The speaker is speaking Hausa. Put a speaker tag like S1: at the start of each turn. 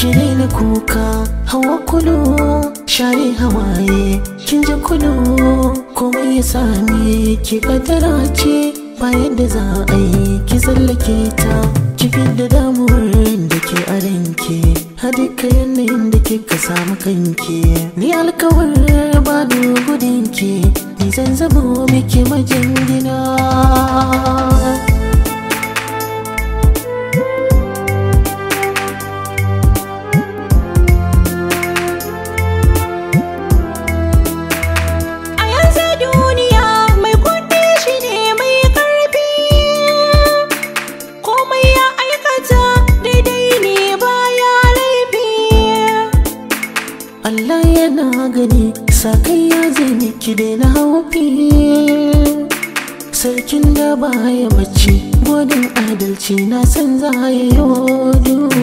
S1: ki daina kuka hawa kulu share hawaye kin ji kulu komai ya same ki kadara ce bayan da za a yi ki tsallake ta cikin da damuwar da ke a ranke har duka yanayin da ka samu kanki ni alkawar ba da gudunki ni zan zama miki majingina Allah yana gani sa kai ya zai miki daina haufi sarkin da baya bacci godin adalci na san za ya yi